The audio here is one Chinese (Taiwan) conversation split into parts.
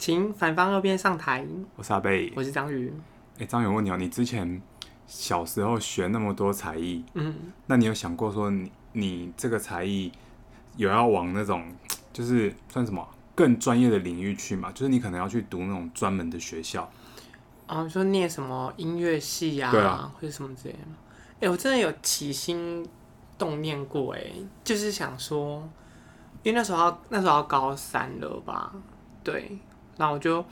請反方右邊上台。我是阿貝，我是張宇。哎、欸，張宇問你哦、喔，你之前小時候學那麼多才藝，嗯，那你有想過說你你這個才藝有要往那種就是算什麼更專業的領域去嗎？就是你可能要去讀那種專門的學校啊，說念什麼音樂系啊，啊或者什麼之類的。哎、欸，我真的有起心動念過、欸，哎，就是想說，因為那時候那時候要高三了吧？對。那我就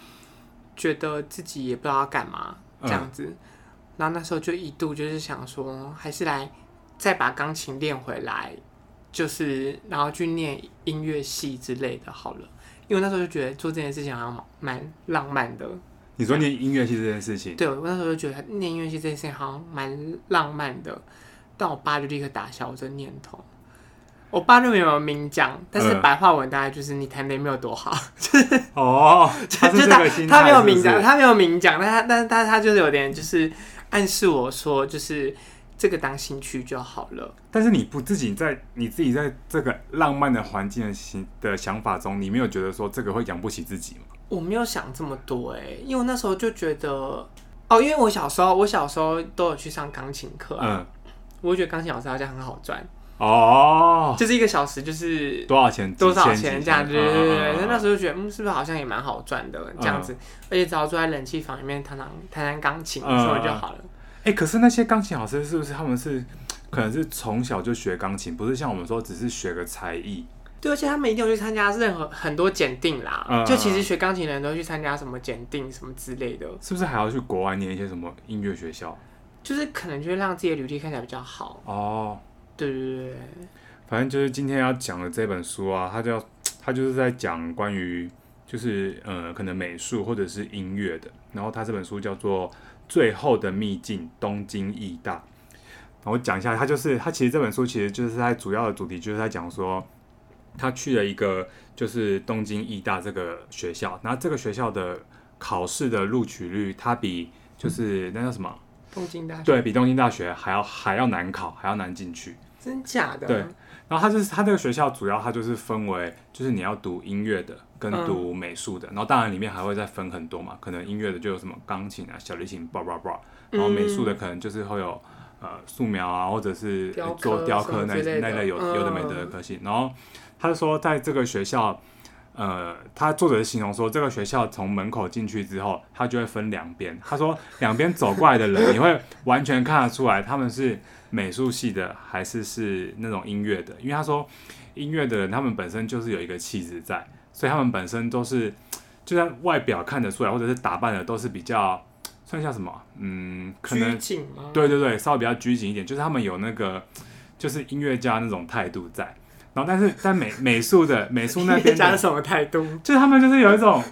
覺得自己也不知道要幹嘛這樣子，嗯、然後那時候就一度就是想說，還是來再把鋼琴練回來，就是然後去念音樂系之類的好了，因為那時候就覺得做這件事情好像蠻，蠻浪漫的。你說念音樂系這件事情、嗯？對，我那時候就覺得念音樂系這件事情好像蠻浪漫的，但我爸就立刻打消這念頭。我爸就沒有明講，但是白話文大概就是你彈的沒有多好。就是、哦，是這個心態是不是就是他他沒有明講，他沒有明講，但他但他他就是有點就是暗示我說，就是這個當興趣就好了。但是你不自己在你自己在這個浪漫的環境的心的想法中，你沒有覺得說這個會養不起自己嗎？我沒有想這麼多哎、欸，因為我那時候就覺得哦，因為我小時候我小時候都有去上鋼琴課、啊，嗯，我覺得鋼琴老師好像很好賺。哦，oh, 就是一個小時，就是多少錢？多少錢？嗯、這樣子，對對對。嗯嗯、那時候就覺得，嗯，是不是好像也蠻好賺的這樣子？嗯、而且只要坐在冷氣房裡面彈彈，彈彈彈彈鋼琴什麼、嗯、就好了。哎、欸，可是那些鋼琴老師是不是他們是，可能是從小就學鋼琴，不是像我們說只是學個才藝？對，而且他們一定要去參加任何很多檢定啦。嗯、就其實學鋼琴的人都會去參加什麼檢定什麼之類的，是不是還要去國外念一些什麼音樂學校？就是可能就是讓自己的履歷看起來比較好哦。Oh, 對對對，反正就是今天要講的這本書啊，它叫它就是在講關於就是呃可能美術或者是音樂的，然後它這本書叫做《最後的秘境：東京藝大》，然後講一下，他就是他其實這本書其實就是在主要的主題就是在講說，他去了一個就是東京藝大這個學校，那這個學校的考試的錄取率，它比就是、嗯、那叫什麼？東京大學。對，比東京大學還要還要難考，還要難進去。真假的。對，然後他就是他這個學校主要，他就是分為，就是你要讀音樂的跟讀美術的，嗯、然後當然裡面還會再分很多嘛，可能音樂的就有什麼鋼琴啊、小提琴、ba ba ba，然後美術的可能就是會有呃素描啊，或者是做雕刻那那類有有的沒的科系。嗯、然後他就說，在這個學校。呃，他作者形容說，這個學校從門口進去之後，他就會分兩邊。他說，兩邊走過來的人，你會完全看得出來，他們是美術系的，還是是那種音樂的。因為他說，音樂的人他們本身就是有一個氣質在，所以他們本身都是，就算外表看得出來，或者是打扮的都是比較，算像什麼，嗯，可能，對對對，稍微比較拘謹一點，就是他們有那個，就是音樂家那種態度在。然後、哦，但是在美美術的美術那邊的， 的什麼態度？就他們就是有一種，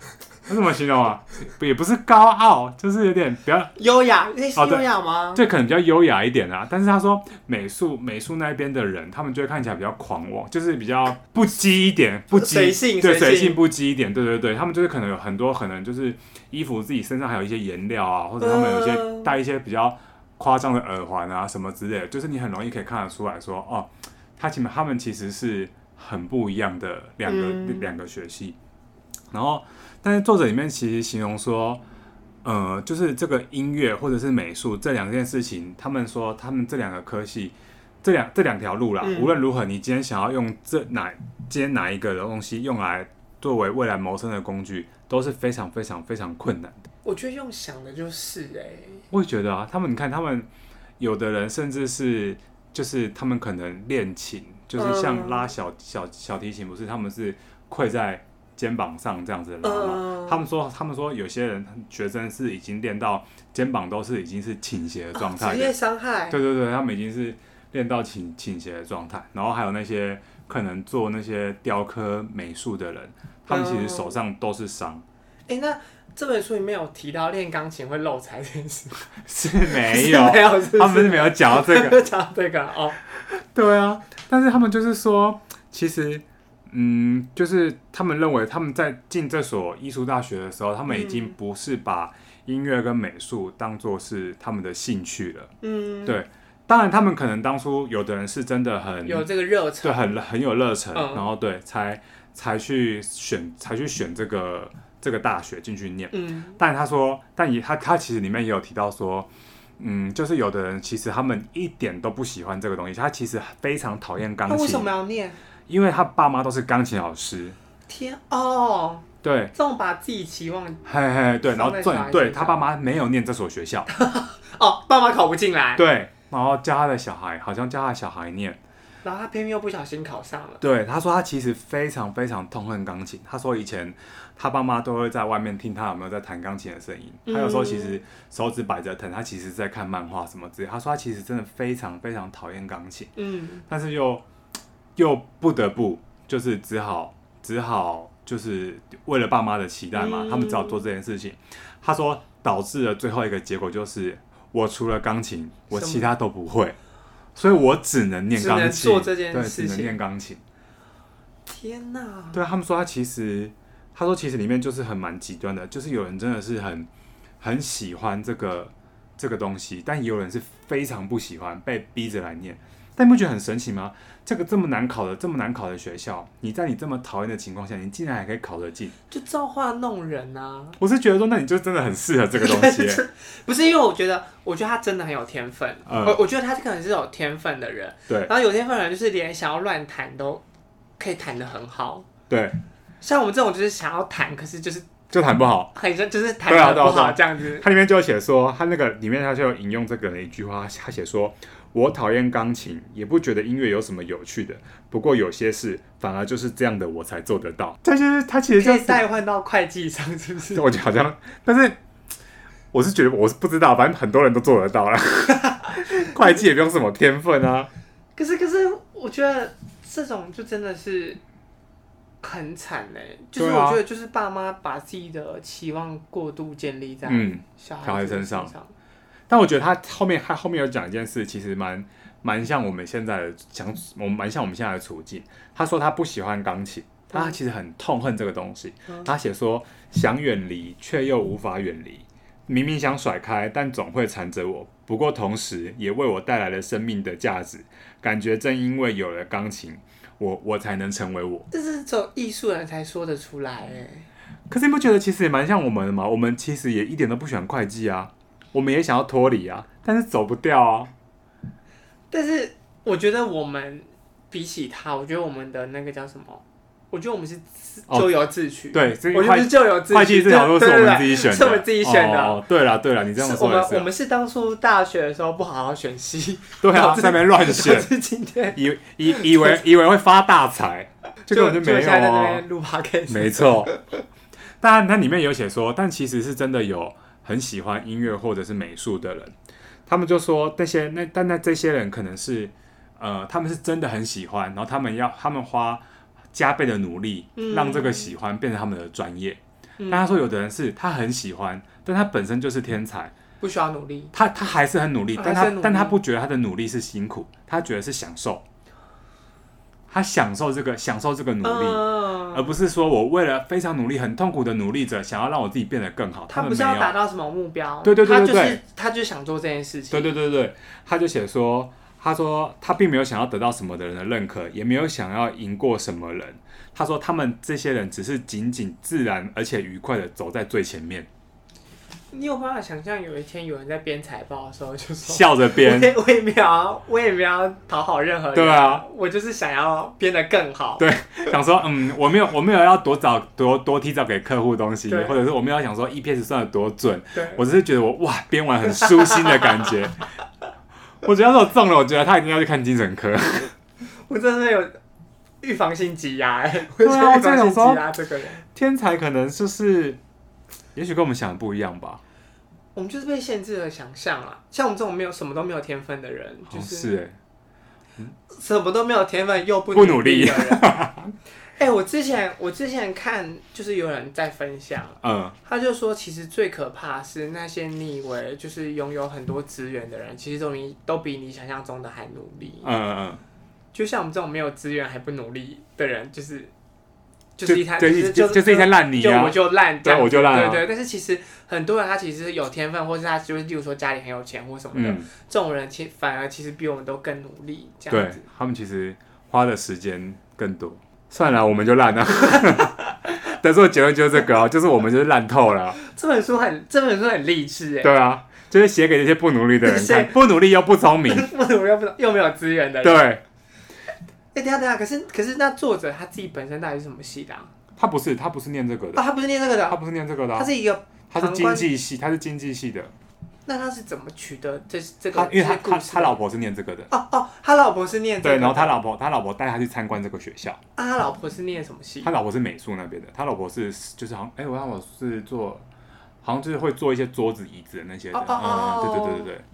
我 怎麼形容啊？也不是高傲，就是有點比較優雅，欸、是優雅嗎？哦、對，可能比較優雅一點啊。但是他說美術美術那邊的人，他們就會看起來比較狂妄、哦，就是比較不羈一點，不羈，隨性，對，隨性不羈一點，對對對。他們就是可能有很多，可能就是衣服自己身上還有一些顏料啊，或者他們有一些戴一些比較誇張的耳環啊什麼之類的，就是你很容易可以看得出來說哦。他起碼他們其實是很不一樣的兩個、嗯、兩個學系，然後但是作者裡面其實形容說，呃，就是這個音樂或者是美術這兩件事情，他們說他們這兩個科系這兩這兩條路啦，嗯、無論如何你今天想要用這哪今天哪一個的東西用來作為未來謀生的工具，都是非常非常非常困難的。我覺得用想的就是哎、欸，我也覺得啊，他們你看他們有的人甚至是。就是他們可能練琴，就是像拉小、嗯、小小提琴，不是？他們是跪在肩膀上這樣子拉嘛？嗯、他們說，他們說有些人學生是已經練到肩膀都是已經是傾斜的狀態，哦，職業傷害。對對對，他們已經是練到傾傾斜的狀態。然後還有那些可能做那些雕刻美術的人，嗯、他們其實手上都是傷。哎、欸，那。這本書裡面有提到練鋼琴會漏財這件事嗎？是沒有， 沒有是是他們是沒有講到這個， 講到這個哦。對啊，但是他們就是說，其實，嗯，就是他們認為他們在進這所藝術大學的時候，他們已經不是把音樂跟美術當作是他們的興趣了。嗯，對。當然，他們可能當初有的人是真的很有這個熱，對，很很有熱忱，嗯、然後對才才去選才去選這個。這個大學進去念，嗯，但他說，但也他他其實裡面也有提到說，嗯，就是有的人其實他們一點都不喜歡這個東西，他其實非常討厭鋼琴。為什麼要念？因為他爸媽都是鋼琴老師。天哦！對，這種把自己期望。嘿嘿，對，然後對，對他爸媽沒有念這所學校。 哦，爸媽考不進來。對，然後教他的小孩，好像教他的小孩念，然後他偏偏又不小心考上了。對，他說他其實非常非常痛恨鋼琴。他說以前。他爸媽都會在外面聽他有沒有在彈鋼琴的聲音。嗯、他有時候其實手指擺着疼，他其實在看漫畫什麼之類。他說他其實真的非常非常討厭鋼琴，嗯，但是又又不得不就是只好只好就是為了爸媽的期待嘛，嗯、他們只好做這件事情。他說導致了最後一個結果就是我除了鋼琴，我其他都不會，什麼？所以我只能念鋼琴，只能做這件事情，對，只能念鋼琴。天吶、啊，對他們說他其實。他說：“其實裡面就是很蠻極端的，就是有人真的是很很喜歡這個這個東西，但也有人是非常不喜歡被逼着來念。但你不覺得很神奇嗎？這個這麼難考的、這麼難考的學校，你在你這麼討厭的情況下，你竟然還可以考得進，就造化弄人啊！我是覺得說，那你就真的很適合這個東西、欸。 不是因為我覺得，我覺得他真的很有天分。我、呃、我覺得他可能是有天分的人。對。然後有天分的人，就是連想要亂彈都可以彈得很好。對。”像我們這種就是想要彈，可是就是就彈不好，很就是彈不好，啊啊啊，這樣子。他裡面就有寫說，他那個裡面他就引用這個人一句話，他寫說：“我討厭鋼琴，也不覺得音樂有什麼有趣的。不過有些事反而就是這樣的，我才做得到。”但是他其實就代、是、換到會計上是不是？ 我覺得好像，但是我是覺得我是不知道，反正很多人都做得到了， 會計也不用什麼天分啊。可是可是我覺得這種就真的是。很慘哎，欸，就是我覺得就是爸媽把自己的期望過度建立在小孩身上、啊嗯、孩身上，但我覺得他後面他後面有講一件事，其實蠻蠻像我們現在的，想，我們蠻像我們現在的處境。他說他不喜歡鋼琴，嗯、他其實很痛恨這個東西。他寫說、嗯、想遠離卻又無法遠離，明明想甩開，但總會纏着我。不過同時也為我帶來了生命的價值，感覺正因為有了鋼琴。我我才能成為我，這是走藝術人才說得出來、欸、可是你不覺得其實也蠻像我們的嗎？我們其實也一點都不喜歡會計啊，我們也想要脫離啊，但是走不掉啊。但是我覺得我們比起他，我覺得我們的那個叫什麼？我覺得我們是咎由自取。對，我覺得是咎由自取。會計這條路是我們自己選的，是我們自己選的。對了，對了，你這樣說。我們我們是當初大學的時候不好好選系，對啊，在那邊亂選，今天以以以為以為會發大財，就就在那邊錄趴開。沒錯，當然那裡面有寫說，但其實是真的有很喜歡音樂或者是美術的人，他們就說那些那但那這些人可能是呃他們是真的很喜歡，然後他們要他們花。加倍的努力，讓這個喜歡變成他們的專業。嗯嗯、但他說，有的人是他很喜歡，但他本身就是天才，不需要努力。他他還是很努力，啊、但他是但他不覺得他的努力是辛苦，他覺得是享受。他享受這個享受這個努力，呃、而不是說我為了非常努力，很痛苦的努力者，想要讓我自己變得更好。他不需要達到什麼目標，對對對，對，對，對，對，他就是他就是想做這件事情。對，對對對對，他就寫說。他說：“他並沒有想要得到什麼的人的認可，也沒有想要贏過什麼人。他說他們這些人只是僅僅自然而且愉快的走在最前面。你有辦法想象有一天有人在編財報的時候，就說笑着編，我也沒有，我也沒有討好任何人。對啊，我就是想要編得更好。對，想說嗯，我沒有，我沒有要多找、多多提早給客戶東西，對或者是我沒有要想說 EPS 算的多準。對我只是覺得我哇，編完很舒心的感覺。” 我覺得他說我中了，我覺得他一定要去看精神科。 我真的有預防性擠壓、欸，哎、啊，預防性擠壓這個人，天才可能就是，也許跟我們想的不一樣吧。我們就是被限制了想象啊，像我們這種沒有什麼都沒有天分的人，就是，哦是欸嗯、什麼都沒有天分又不努不努力的人。 哎、欸，我之前我之前看就是有人在分享，嗯，他就說其實最可怕是那些你以為就是擁有很多資源的人，其實都比都比你想象中的還努力，嗯嗯，就像我們這種沒有資源還不努力的人，就是就是就是就是一灘爛泥，你啊、就我就爛，對、啊，我就爛、啊，對，對對。但是其實很多人他其實有天分，或是他就是例如說家裡很有錢或什麼的，嗯、這種人其反而其實比我們都更努力，這樣子對。他們其實花的時間更多。算了、啊，我們就爛了。 但是，我結論就是這個啊，就是我們就是爛透了。這本書很，這本書很勵志，哎。對啊，就是寫給那些不努力的人看，不努力又不聰明， 不努力又不，又沒有資源的。對。哎、欸，等下等下，可是可是那作者他自己本身到底是什麼系的、啊？他不是，他不是念這個的。他不是念這個的。他不是念這個的。他不是念這個的啊、他是一個，他是經濟系，他是經濟系的。那他是怎麼取得這這個？因為他他他老婆是念這個的哦哦，他老婆是念這個。對，然後他老婆他老婆帶他去參觀這個學校啊。他老婆是念什麼系？他老婆是美術那邊的。他老婆是就是好像哎，我老婆是做好像就是會做一些桌子椅子的那些。的。哦對對對對對。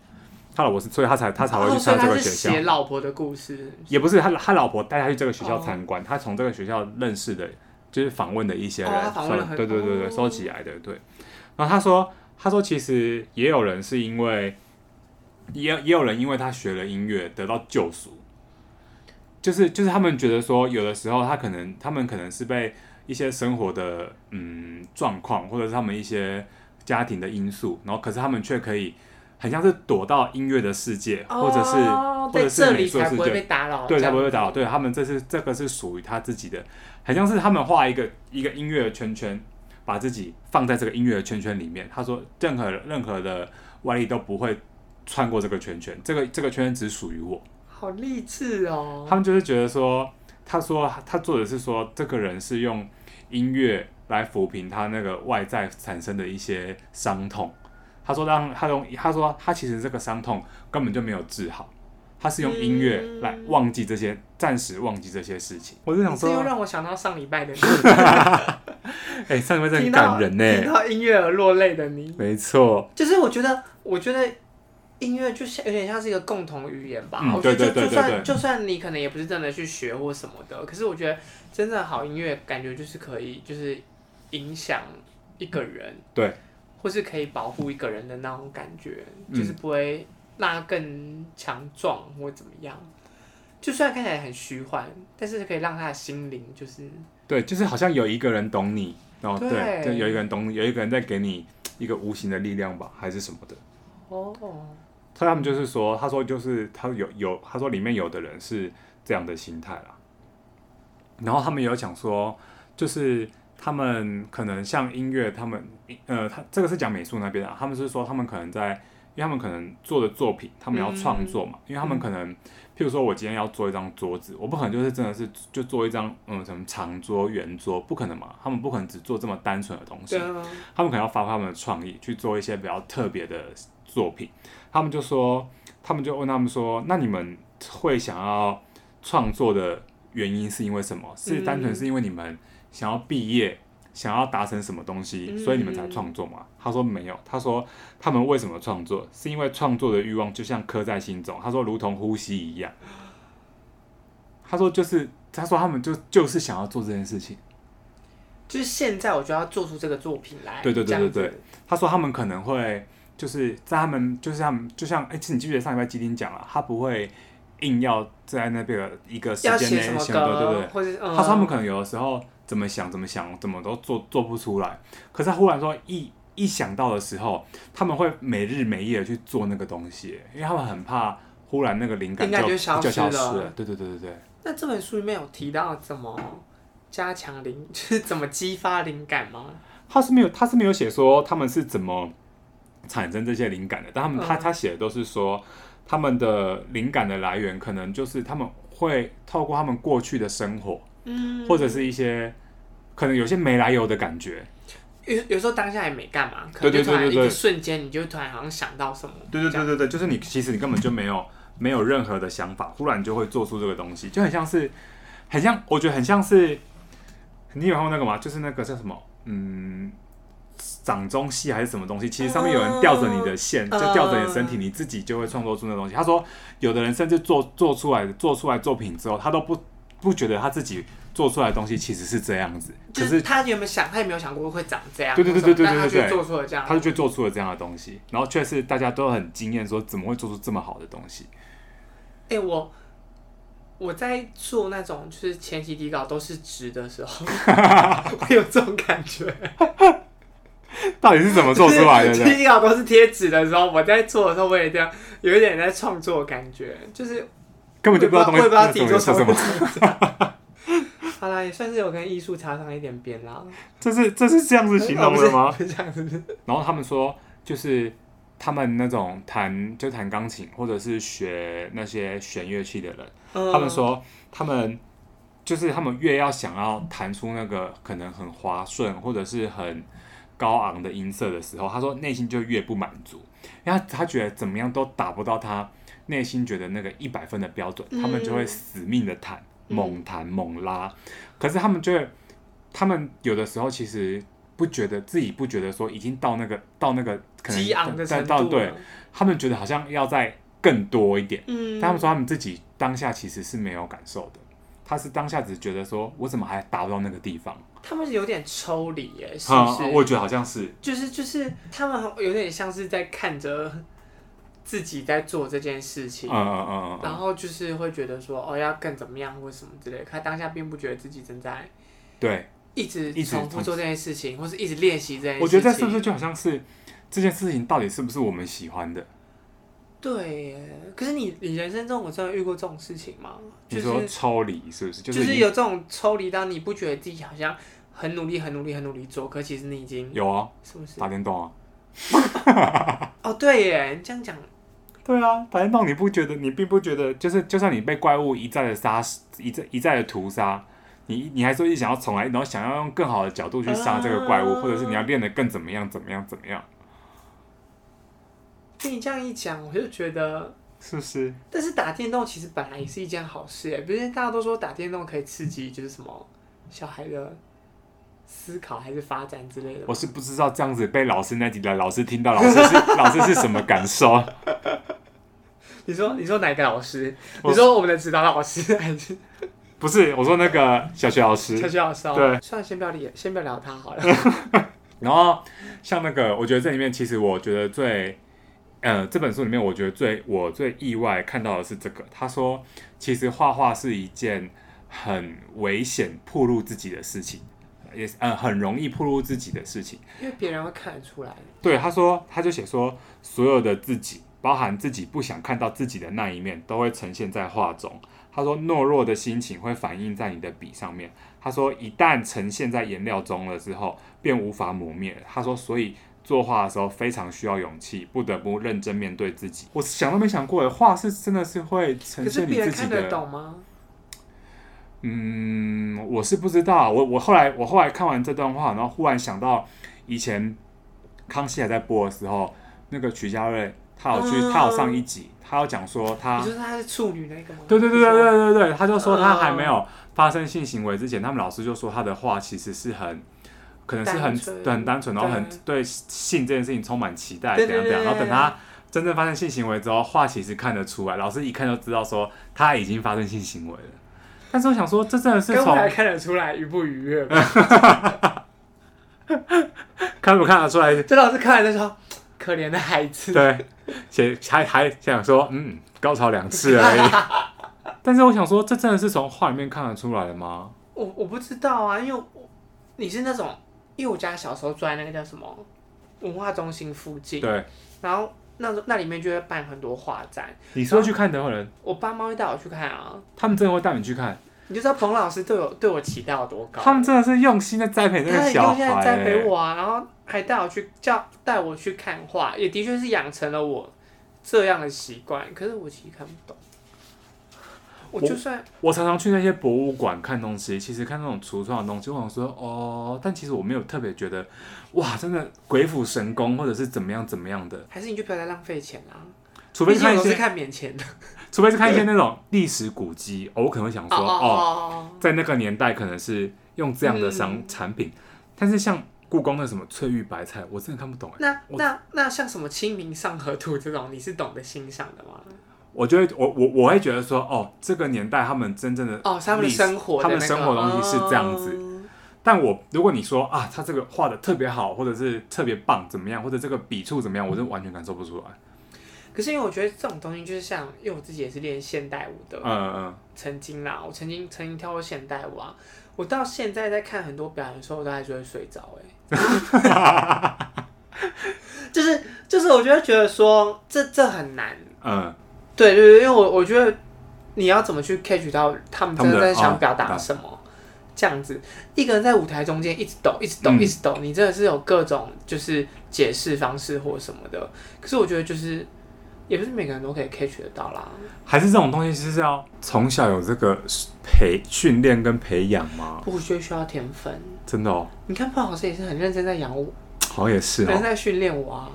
他老婆是，所以他才他才會去參觀這個學校。寫老婆的故事也不是他，他老婆帶他去這個學校參觀，他從這個學校認識的，就是訪問的一些人，對對對對收集，來的。對，然後他說。他說：“其實也有人是因為，也也有人因為他學了音樂得到救贖，就是就是他們覺得說，有的時候他可能他們可能是被一些生活的嗯狀況，或者是他們一些家庭的因素，然後可是他們卻可以很像是躲到音樂的世界，哦、或者是對，或者是這裡才不會被打擾，對，才不會被打擾。對他們這是這個是屬於他自己的，很像是他們畫一個一個音樂的圈圈。”把自己放在這個音樂的圈圈裡面，他說任何任何的外力都不會穿過這個圈圈，這個這個圈只屬於我。好勵志哦！他們就是覺得說，他說他做的是說，這個人是用音樂來撫平他那個外在產生的一些傷痛。他說讓他用，他說他其實這個傷痛根本就沒有治好，他是用音樂來忘記這些，嗯、暫時忘記這些事情。我就想說，這又讓我想到上禮拜的事。 哎、欸，上面真的感人呢！、欸，聽到音樂而落淚的你，沒錯錯，就是我覺得，我覺得音樂就像有點像是一個共同語言吧。嗯、我覺得就算就算你可能也不是真的去學或什麼的，可是我覺得真正好音樂，感覺就是可以，就是影響一個人，對，或是可以保護一個人的那種感覺，就是不會讓他更強壯或怎麼樣，嗯、就算看起來很虛幻，但是可以讓他的心靈就是，對，就是好像有一個人懂你。哦、oh, 對，對，就有一個人懂，有一個人在給你一個無形的力量吧，還是什麼的。哦，他他們就是說，他說就是他有有，他說裡面有的人是這樣的心態啦。然後他們有講說，就是他們可能像音樂，他們呃，他這個是講美術那邊啊，他們是說他們可能在。因為他們可能做的作品，他們要創作嘛。嗯、因為他們可能，嗯、譬如說，我今天要做一張桌子，我不可能就是真的是就做一張嗯什麼長桌、圓桌，不可能嘛。他們不可能只做這麼單純的東西，嗯、他們可能要發揮他們的創意去做一些比較特別的作品。他們就說，他們就問他們說，那你們會想要創作的原因是因為什麼？嗯、是單純是因為你們想要畢業？想要達成什麼東西，所以你們才創作嘛？嗯、他說沒有，他說他們為什麼創作，是因為創作的欲望就像刻在心中。他說如同呼吸一樣。他說就是，他說他們就就是想要做這件事情，就是現在我就要做出這個作品來。對,對對對對對，他說他們可能會就是在他們就是像就像哎，你、欸、記不記得上禮拜吉丁講了，他不會硬要在那邊一個時間內寫歌，對對對？或者、呃、他說他們可能有的時候。怎麼想，怎麼想，怎麼都做做不出來，可是他忽然說一一想到的時候，他們會沒日沒夜的去做那個東西，因為他們很怕忽然那個靈感就，就，消就消失了。對對對對。那這本書沒有提到怎麼加強靈，就是怎麼激發靈感嗎？他是沒有，他是沒有寫說他們是怎麼產生這些靈感的，但他們他他寫的都是說他們的靈感的來源可能就是他們會透過他們過去的生活，嗯，或者是一些。可能有些沒來由的感覺，有有時候當下也沒幹嘛，可能就突然一個瞬間，你就突然好像想到什麼。對對對對對，就是你其實你根本就沒有沒有任何的想法，忽然就會做出這個東西，就很像是，很像，我覺得很像是，你有看過那個嗎？就是那個叫什麼？嗯，掌中戲還是什麼東西？其實上面有人吊着你的線，就吊着你的身體，你自己就會創作出那個東西。他說，有的人甚至做做出來做出來作品之後，他都不。不覺得他自己做出來的東西其實是這樣子，就是他有沒有想，他有沒有想過會長這樣？對對對對對，對，對，對他卻做出了這樣，他就卻做出了這樣的東西，東西然後確實大家都很驚艷說，說怎麼會做出這麼好的東西？哎、欸，我我在做那種就是前期底稿都是紙的時候，會 有這種感覺。 到底是怎麼做出來的是？就是、前期底稿都是貼紙的時候，我在做的時候我也這樣，有一點在創作感覺，就是。根本就不知道東西在想什麼。 好啦，也算是有跟藝術插上一點邊啦。 這是這是這樣子形容的嗎？是這樣子。然後他們說，就是他們那種彈就彈鋼琴或者是學那些弦樂器的人，呃、他們說他們就是他們越要想要彈出那個可能很滑順或者是很高昂的音色的時候，他說內心就越不滿足，因為他，他覺得怎麼樣都達不到他。內心覺得那個一百分的標準，嗯、他們就會死命的彈，嗯、猛彈猛拉。嗯、可是他們就會，他們有的時候其實不覺得自己不覺得說已經到那個到那個可能激昂的程度，再到對，嗯、他們覺得好像要再更多一點。嗯、但他們說他們自己當下其實是沒有感受的，他是當下只覺得說我怎麼還達不到那個地方？他們是有點抽離耶、欸，是是、啊？我覺得好像是，就是就是他們有點像是在看着。自己在做這件事情，嗯嗯嗯、然後就是會覺得說，哦，要更怎麼樣或什麼之類的。可他當下並不覺得自己正在，對，一直重複做這件事情，或是一直練習這件事情。我覺得這是不是就好像是這件事情到底是不是我們喜歡的？對耶，可是你你人生中我真的遇過這種事情嗎？就是、你說抽離是不是？就是、就是有這種抽離，到你不覺得自己好像很努力、很努力、很努力做，可其實你已經有啊、哦，是不是？打電動啊。 哦，oh, 對耶，你這樣講，對啊，打電動你不覺得，你並不覺得，就是就算你被怪物一再的殺死，一再一再的屠殺，你你還說一想要重來，然後想要用更好的角度去殺這個怪物，呃、或者是你要練得更怎麼樣，怎麼樣，怎麼樣？聽你這樣一講，我就覺得是不是？但是打電動其實本來也是一件好事誒，畢竟大家都說打電動可以刺激，就是什麼小孩的。思考還是發展之類的，我是不知道這樣子被老師那集的老師聽到，老師是 老師是什麼感受？你說你說哪個老師？我你說我們的指導老師還是不是？我說那個小學老師， 小學老師、哦、對，算了，先不要理，先不要聊他好了。 然後像那個，我覺得這裡面其實我覺得最呃這本書裡面我覺得最我最意外看到的是這個，他說其實畫畫是一件很危險、暴露自己的事情。也是嗯，yes, um, 很容易暴露自己的事情，因為別人會看得出來。對，他說，他就寫說，所有的自己，包含自己不想看到自己的那一面，都會呈現在畫中。他說，懦弱的心情會反映在你的筆上面。他說，一旦呈現在顏料中了之後，便無法磨滅。他說，所以作畫的時候非常需要勇氣，不得不認真面對自己。我想都沒想過，畫是真的是會呈現你自己的，可是別人看得懂嗎？嗯，我是不知道。我我後來我後來看完這段話，然後忽然想到以前康熙還在播的時候，那個曲家瑞他有去、嗯、他有上一集，他有講說他你就是他是處女那個嗎？對對對對對對對，他就說他還沒有發生性行為之前，嗯、他們老師就說他的話其實是很可能是很單純、對、很單純，然後很對性這件事情充滿期待，怎樣怎樣。然後等他真正發生性行為之後，話其實看得出來，老師一看就知道說他已經發生性行為了。但是我想說，這真的是從還看得出來愉不愉悅？ 看不看得出來？這老師看完的時候，可憐的孩子，對，且還還想說，嗯，高潮兩次而已。 但是我想說，這真的是從畫裡面看得出來的嗎？我我不知道啊，因為我你是那種，因為我家小時候住在那個叫什麼文化中心附近，對，然後。那那裡面就會辦很多畫展。你說去看的人，我爸媽會帶我去看啊。他們真的會帶你去看？嗯、你就知道彭老師對我對我期待有多高？他們真的是用心的栽培這個小孩，欸，用心的栽培我啊。然後還帶我去教，帶我去看畫，也的確是養成了我這樣的習慣。可是我其實看不懂。我就算我,我常常去那些博物館看東西，其實看那種櫥窗的東西，我想說哦，但其實我沒有特別覺得哇，真的鬼斧神工或者是怎麼樣怎麼樣的，還是你就不要再浪費錢啊。除非看一些,看免錢的，除非是看一些那種歷史古蹟對、哦，我可能會想說 oh, oh, oh, oh. 哦，在那個年代可能是用這樣的商產品，嗯、但是像故宮的什麼翠玉白菜，我真的看不懂、欸。那我那那像什麼《清明上河圖》這種，你是懂得欣賞的嗎？我就會我我我會覺得說哦，這個年代他們真正的哦，他們生活的、那個、他們生活東西是這樣子。哦、但我如果你說啊，他這個畫得特別好，或者是特別棒，怎麼樣，或者這個筆觸怎麼樣，我是完全感受不出來。可是因為我覺得這種東西就是像，因為我自己也是練現代舞的，嗯嗯，曾經啦，我曾經曾經跳過現代舞、啊，我到現在在看很多表演的時候，我都還覺得睡着、欸，哎、 就是，就是就是，我覺得覺得說這這很難，嗯。對,對對,對因為我我覺得你要怎麼去 catch 到他們真的在想表達什麼，這樣子一個人在舞台中間一直抖，一直抖，嗯、一直抖，你真的是有各種就是解釋方式或什麼的。可是我覺得就是也不是每個人都可以 catch 得到啦。還是這種東西就是要從小有這個培訓練跟培養嗎？不需需要天分，真的哦。你看胖老師也是很認真在養我，好像、哦、也是,、哦、是在訓練我啊。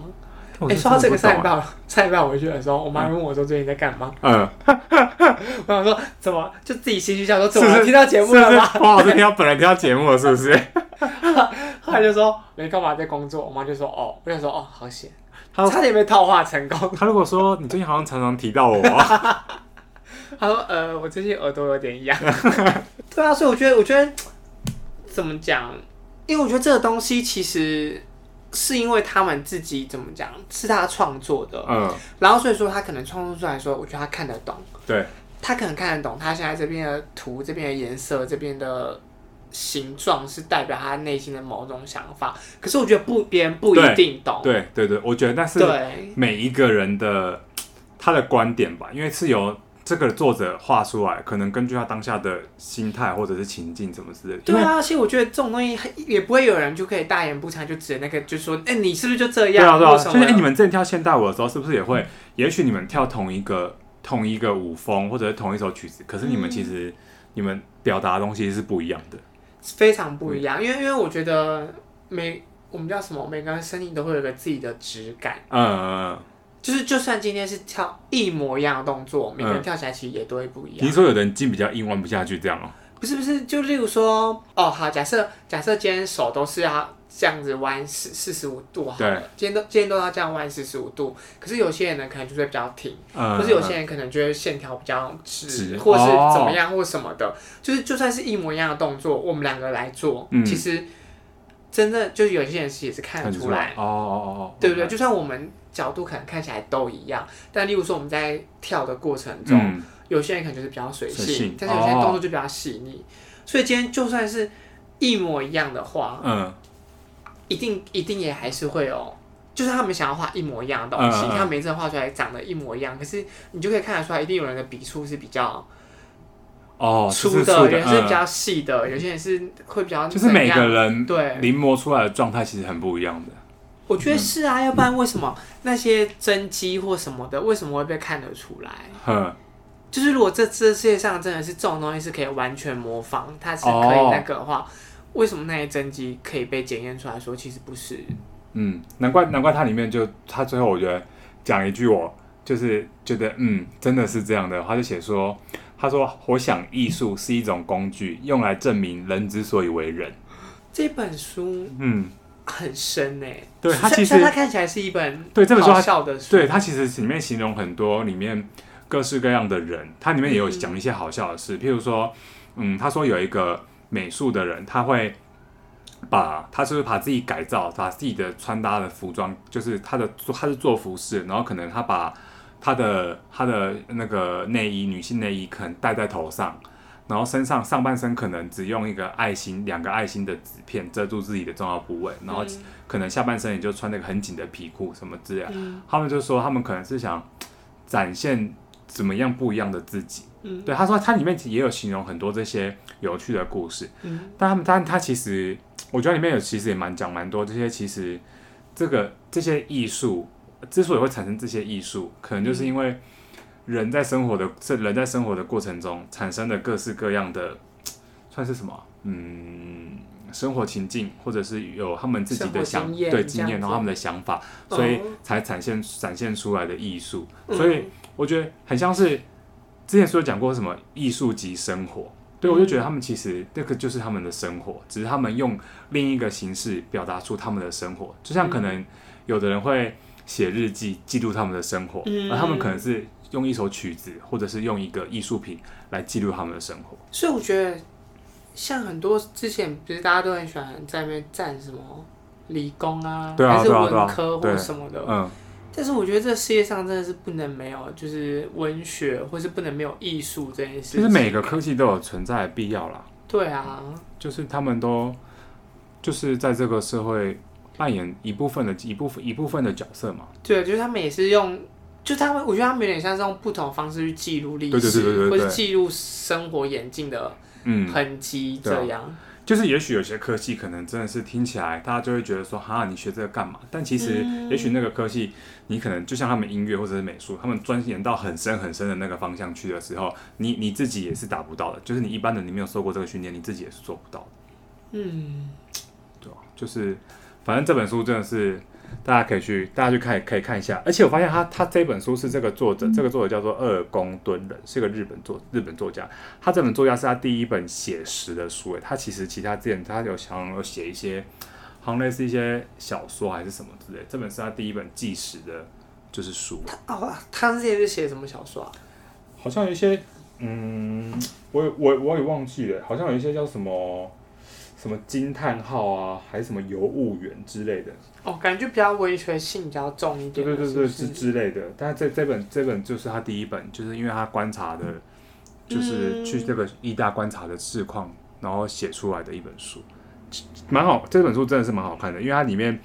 哎，刷、欸、這個賽道，賽道回去的時候，我媽問我說：“最近在幹嘛？”嗯， 我想說怎麼就自己心虛笑說：“怎我聽到節目了是嗎。”哇，我今天本來聽到節目了，是不是？後來 就說：“沒幹嘛，在工作。”我媽就說：“哦，我想說哦，好險，她差點被套話成功。」她如果說你最近好像常常提到我、哦， 她說：“呃，我最近耳朵有點癢。” 對啊，所以我覺得，我覺得怎麼講？因為我覺得這個東西其實。是因為他們自己怎麼講，是他創作的，嗯，然後所以說他可能創作出來說，我覺得他看得懂，對，他可能看得懂他現在這邊的圖、這邊的顏色、這邊的形狀是代表他內心的某種想法，可是我覺得不別人不一定懂，對對，對對，我覺得，但是對每一個人的對，他的觀點吧，因為是有。這個作者畫出來，可能根據他當下的心態或者是情境什麼之類的。對啊，其實我覺得這種東西也不會有人就可以大言不慚就直接那個，就說，哎、欸，你是不是就這樣？對啊，對啊。所以，哎、欸，你們在跳現代舞的時候，是不是也會？嗯、也許你們跳同一個同一個舞風，或者是同一首曲子，可是你們其實、嗯、你們表達的東西是不一樣的，非常不一樣。嗯、因為，因為我覺得每我們叫什麼，每個聲音都會有個自己的質感。嗯，嗯，嗯，嗯。就是，就算今天是跳一模一樣的動作，每個人跳起來其實也都會不一樣。嗯、聽說有人筋比較硬，彎不下去這樣哦、啊？不是不是，就例如說，哦好，假設假設今天手都是要這樣子彎四四十五度好，對，今天都今天都要這樣彎四十五度。可是有些人呢，可能就是比較挺，可、嗯、是有些人可能覺得線條比較直，是或是怎麼樣，或什麼的。哦、就是就算是一模一樣的動作，我們兩個來做，嗯、其實真的就是有些人也是看得出來，出來哦，哦，哦，哦，對不對？Okay. 就算我們。角度可能看起來都一樣，但例如說我們在跳的過程中，有些人可能就是比較隨性，但是有些動作就比較細膩。所以今天就算是一模一樣的話，嗯，一定一定也還是會有，就是他們想要畫一模一樣的東西，他們每次畫出來長得一模一樣，可是你就可以看得出來，一定有人的筆觸是比較哦粗的，人是比較細的，有些人是會比較就是每個人對臨摹出來的狀態其實很不一樣的。我覺得是啊，嗯、要不然為什麼、嗯、那些真跡或什麼的，為什麼會被看得出來？哼呵，就是如果這這世界上真的是這種東西是可以完全模仿，它是可以那個的話，哦、為什麼那些真跡可以被檢驗出來說其實不是？嗯，難怪難怪他裡面就他最後我覺得講一句我，我就是覺得嗯，真的是這樣的。他就寫說，他說我想藝術是一種工具，嗯、用來證明人之所以為人。這本書，嗯。很深呢，欸，對，他其實他看起來是一本對，這本書好笑的書，對，他其實裡面形容很多裡面各式各樣的人，他裡面也有講一些好笑的事，嗯、譬如說，嗯，他說有一個美術的人，他會把他就是把自己改造，把自己的穿搭的服裝，就是他的他是做服飾，然後可能他把他的他的那個內衣女性內衣可能戴在頭上。然後身上上半身可能只用一個愛心，兩個愛心的紙片遮住自己的重要部位，嗯，然後可能下半身也就穿那個很緊的皮褲什麼之類的。嗯，他們就說他們可能是想展現怎麼樣不一樣的自己。嗯，對，他說他裡面也有形容很多這些有趣的故事。嗯，但他們，但他其實，我覺得裡面有其實也蠻講蠻多這些，其實這個這些藝術之所以會產生這些藝術，可能就是因為。嗯。人在生活的這人在生活的過程中產生的各式各樣的算是什麼？嗯，生活情境，或者是有他們自己的想經對經驗，然後他們的想法，哦、所以才展現展現出來的藝術。嗯、所以我覺得很像是之前說講過什麼藝術即生活，對，我就覺得他們其實這、嗯、個就是他們的生活，只是他們用另一個形式表達出他們的生活。就像可能有的人會寫日記記錄他們的生活，嗯、而他們可能是。用一首曲子，或者是用一個藝術品來記錄他們的生活。所以我覺得，像很多之前，不是大家都很喜歡在那邊站什麼理工啊，啊還是文科或者什麼的。啊啊啊、嗯。但是我覺得，這世界上真的是不能沒有，就是文學，或是不能沒有藝術這件事。其實每個科技都有存在的必要啦。對啊、嗯。就是他們都，就是在這個社會扮演一部分的一部分一部分的角色嘛。對，就是他們也是用。就他們，我覺得他們有點像是用不同方式去記錄歷史，或者記錄生活演進的痕跡這樣、嗯。就是也許有些科技，可能真的是聽起來，大家就會覺得說：“哈，你學這個幹嘛？”但其實，也許那個科技，嗯、你可能就像他們音樂或者是美術，他們鑽研到很深很深的那個方向去的時候，你你自己也是達不到的。就是你一般的，你沒有受過這個訓練，你自己也是做不到。嗯，對，就是反正這本書真的是。大家可以去，大家去看，可以看一下。而且我發現他，他這本書是這個作者，嗯，這個作者叫做二宮敦人，是個日本作日本作家。他這本作家是他第一本寫實的書，誒，他其實其他之前他有想寫一些好像類似一些小說還是什麼之類的，這本是他第一本紀實的，就是書。他哦，他之前是寫什麼小說啊？好像有一些，嗯，我我我也忘記了，好像有一些叫什麼。什麼驚嘆號啊，還是什麼郵務員之類的？哦，感覺比較文學性比較重一點。對，對對對，是、是、是之類的。但是這這本這本就是他第一本，就是因為他觀察的，嗯、就是去這個醫大觀察的事況，然後寫出來的一本書，蠻、嗯、好。這本書真的是蠻好看的，因為它裡面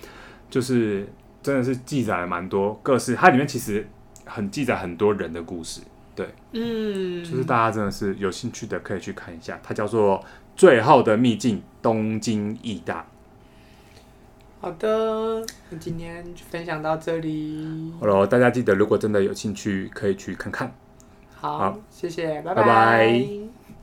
就是真的是記載了蠻多各式。它裡面其實很記載很多人的故事，對，嗯，就是大家真的是有興趣的可以去看一下。它叫做。最後的祕境——東京藝大。好的，那今天就分享到這裡。好了，大家記得，如果真的有興趣，可以去看看。好，好謝謝，拜拜。拜拜。